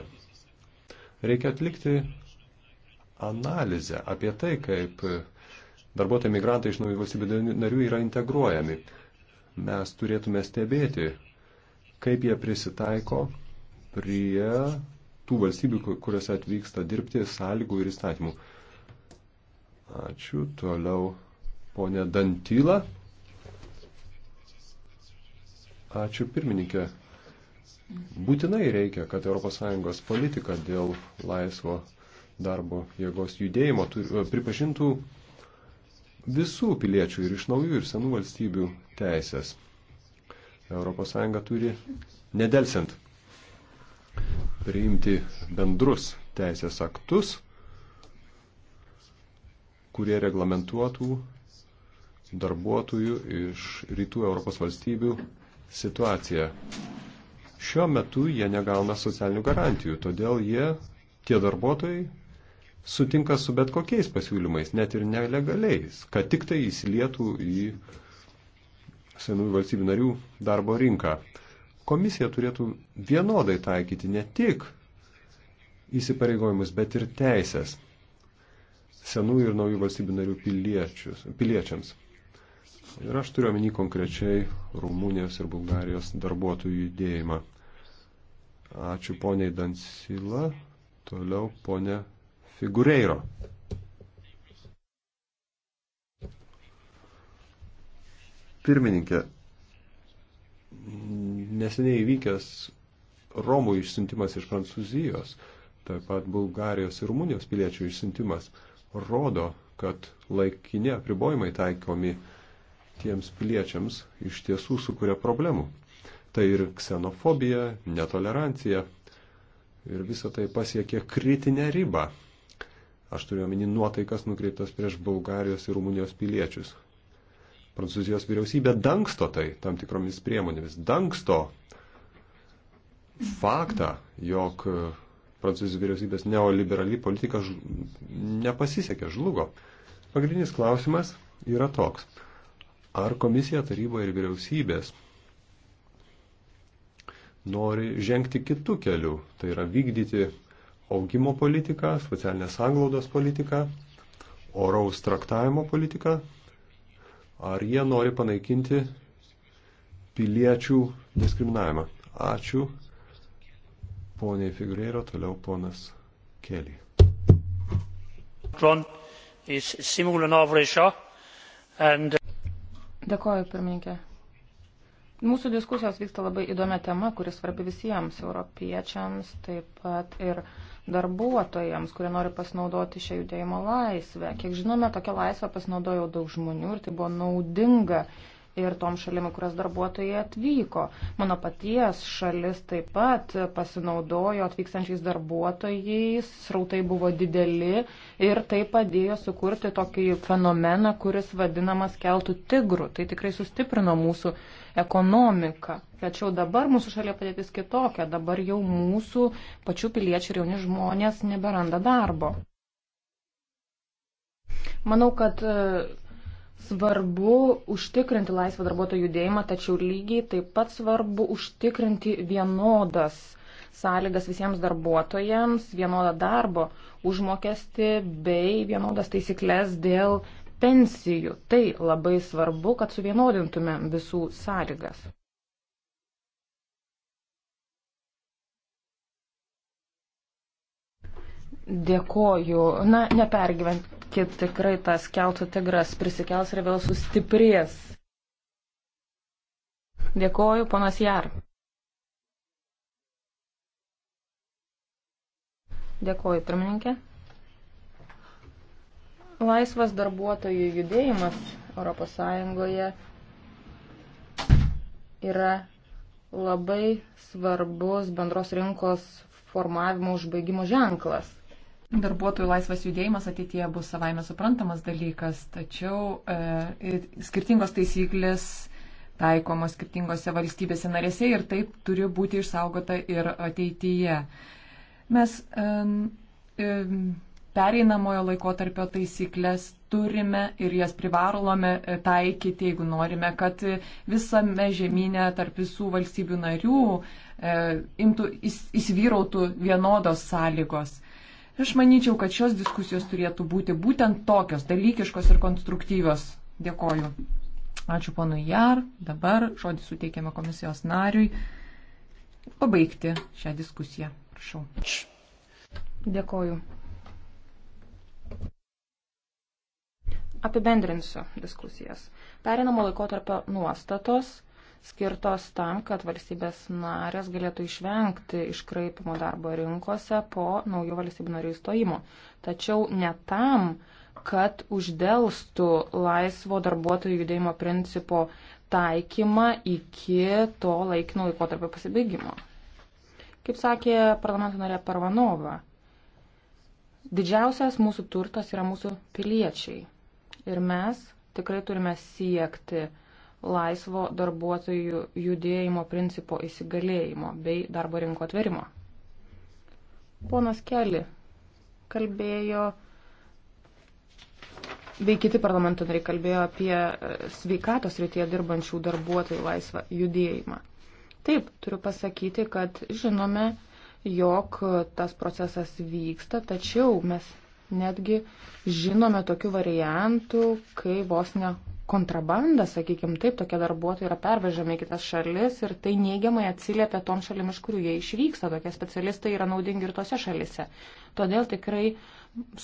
reikia atlikti analizę apie tai, kaip darbuotojai migrantai iš naujų valstybių narių yra integruojami. Mes turėtume stebėti, kaip jie prisitaiko prie tų valstybių, kuriuose atvyksta dirbti sąlygų ir įstatymų. Ačiū. Toliau ponė Dantyla. Ačiū pirmininkė. Būtinai reikia, kad ES politika dėl laisvo darbo jėgos judėjimo pripažintų visų piliečių ir iš naujų ir senų valstybių teisės. ES turi nedelsiant priimti bendrus teisės aktus, kurie reglamentuotų darbuotojų iš rytų Europos valstybių situaciją. Šiuo metu jie negauna socialinių garantijų, todėl jie, tie darbuotojai, sutinka su bet kokiais pasiūlymais, net ir nelegaliais, kad tik tai įsilietų į senųjų valstybių narių darbo rinką komisija turėtų vienodai taikyti ne tik įsipareigojimus, bet ir teisės senųjų ir naujų valstybių narių piliečiams. Ir aš turiu omeny konkrečiai Rumunijos ir Bulgarijos darbuotojų judėjimą. Ačiū poniai Dansila, toliau ponė Figureiro. Pirmininkė, neseniai vykęs Romų išsiuntimas iš Prancūzijos, taip pat Bulgarijos ir Rumunijos piliečių išsiuntimas, rodo, kad laikini apribojimai taikomi tiems piliečiams iš tiesų sukuria problemų. Tai ir ksenofobija, netolerancija ir visa tai pasiekė kritinę ribą. Aš turiu omeny nuotaikas nukreiptas prieš Bulgarijos ir Rumunijos piliečius. Prancūzijos vyriausybė dangsto tai tam tikromis priemonėmis, dangsto faktą, jog e, Prancūzijos vyriausybės neoliberali politika žl... nepasisekė, žlugo. Pagrindinis klausimas yra toks. Ar komisija, taryba ir vyriausybės nori žengti kitų kelių, tai yra vykdyti augimo politiką, socialinės anglaudos politiką, oraus traktavimo politiką, Ar jie nori panaikinti piliečių diskriminavimą? Ačiū. Poniai Figureiro, toliau ponas Kelly. Dėkoju, pirmininkė. Mūsų diskusijos vyksta labai įdomia tema, kuris svarbi visiems europiečiams, taip pat ir uh, darbuotojams, kurie nori pasinaudoti šią judėjimo laisvę. Kiek žinome, tokią laisvę pasinaudojo daug žmonių ir tai buvo naudinga ir tom šalim, kurias darbuotojai atvyko. Mano paties šalis taip pat pasinaudojo atvykstančiais darbuotojais, srautai buvo dideli ir tai padėjo sukurti tokį fenomeną, kuris vadinamas keltų tigrų. Tai tikrai sustiprino mūsų ekonomiką. Tačiau dabar mūsų šalia padėtis kitokia, dabar jau mūsų pačių piliečių ir jauni žmonės neberanda darbo. Manau, kad Svarbu užtikrinti laisvą darbuotojų judėjimą, tačiau lygiai taip pat svarbu užtikrinti vienodas sąlygas visiems darbuotojams, vienodą darbo užmokesti bei vienodas taisyklės dėl pensijų. Tai labai svarbu, kad suvienodintume visų sąlygas. Dėkoju. Na, nepergyvent, kad tikrai tas keltų tigras prisikels ir vėl sustiprės. Dėkoju, ponas Jar. Dėkoju, pirmininkė. Laisvas darbuotojų judėjimas ES yra labai svarbus bendros rinkos formavimo užbaigimo ženklas. Darbuotojų laisvas judėjimas ateityje bus savaime suprantamas dalykas, tačiau e, skirtingos taisyklės taikomos skirtingose valstybėse narėse ir taip turi būti išsaugota ir ateityje. Mes e, e, pereinamojo laikotarpio taisyklės turime ir jas privalome e, taikyti, jeigu norime, kad visame žemynė tarp visų valstybių narių e, imtų, įs, įsivyrautų vienodos sąlygos. Aš manyčiau, kad šios diskusijos turėtų būti būtent tokios, dalykiškos ir konstruktyvios. Dėkoju. Ačiū ponui Jar. Dabar žodį suteikiame komisijos nariui pabaigti šią diskusiją. Prašau. Dėkoju. Apibendrinsiu diskusijas. Perinamo laikotarpio nuostatos skirtos tam, kad valstybės narės galėtų išvengti iškraipimo darbo rinkose po naujo valstybių narių įstojimo. Tačiau ne tam, kad uždėlstų laisvo darbuotojų judėjimo principo taikymą iki to laikino laikotarpio pasibaigimo. Kaip sakė parlamento narė Parvanova, didžiausias mūsų turtas yra mūsų piliečiai. Ir mes tikrai turime siekti laisvo darbuotojų judėjimo principo įsigalėjimo bei darbo rinko atverimo. Ponas Keli kalbėjo, bei kiti parlamento nariai kalbėjo apie e, sveikatos rytyje dirbančių darbuotojų laisvą judėjimą. Taip, turiu pasakyti, kad žinome, jog tas procesas vyksta, tačiau mes netgi žinome tokių variantų, kai vos ne kontrabanda, sakykime taip, tokie darbuotojai yra pervežami į kitas šalis ir tai neigiamai atsiliepia tom šalim, iš kurių jie išvyksta. Tokie specialistai yra naudingi ir tose šalise. Todėl tikrai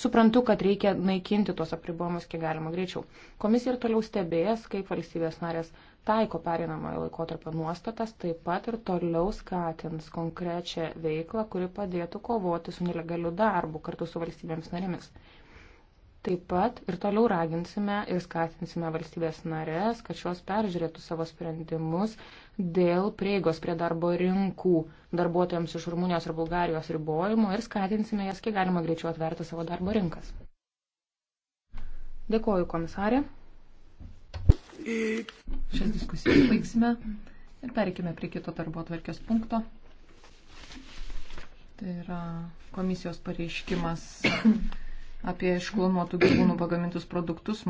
suprantu, kad reikia naikinti tuos apribojimus kiek galima greičiau. Komisija ir toliau stebės, kaip valstybės narės taiko perinamojo laikotarpio nuostatas, taip pat ir toliau skatins konkrečią veiklą, kuri padėtų kovoti su nelegaliu darbu kartu su valstybėms narėmis. Taip pat ir toliau raginsime ir skatinsime valstybės narės, kad šios peržiūrėtų savo sprendimus dėl prieigos prie darbo rinkų darbuotojams iš Rumunijos ir Bulgarijos ribojimo ir skatinsime jas kiek galima greičiau atverti savo darbo rinkas. Dėkoju, komisarė. Šias diskusijas baigsime ir pereikime prie kito darbo atverkės punkto. Tai yra komisijos pareiškimas apie išklonuotų gyvūnų pagamintus produktus.